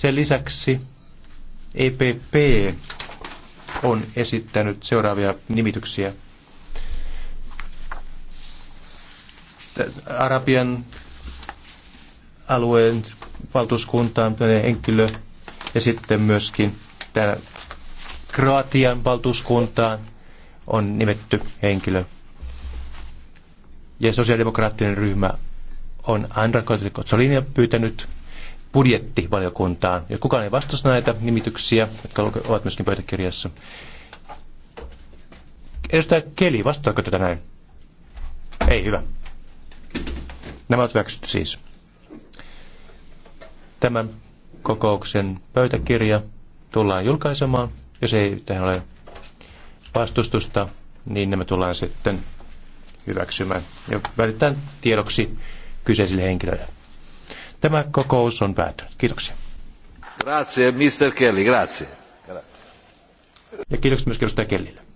Sen lisäksi EPP on esittänyt seuraavia nimityksiä. Arabian alueen valtuuskuntaan henkilö ja sitten myöskin täällä Kroatian valtuuskuntaan on nimetty henkilö. Ja sosiaalidemokraattinen ryhmä on Andra Kotsolinia pyytänyt budjettivaliokuntaan. Ja kukaan ei vastusta näitä nimityksiä, jotka ovat myöskin pöytäkirjassa. Edustaja Keli, vastaako tätä näin? Ei, hyvä. Nämä ovat hyväksytty siis. Tämän kokouksen pöytäkirja tullaan julkaisemaan. Jos ei tähän ole vastustusta, niin nämä tullaan sitten hyväksymään ja välitetään tiedoksi kyseisille henkilöille. Tämä kokous on päättynyt. Kiitoksia. Grazie, Mr. Kelly, grazie. grazie. Ja kiitoksia myös edustaja Kellille.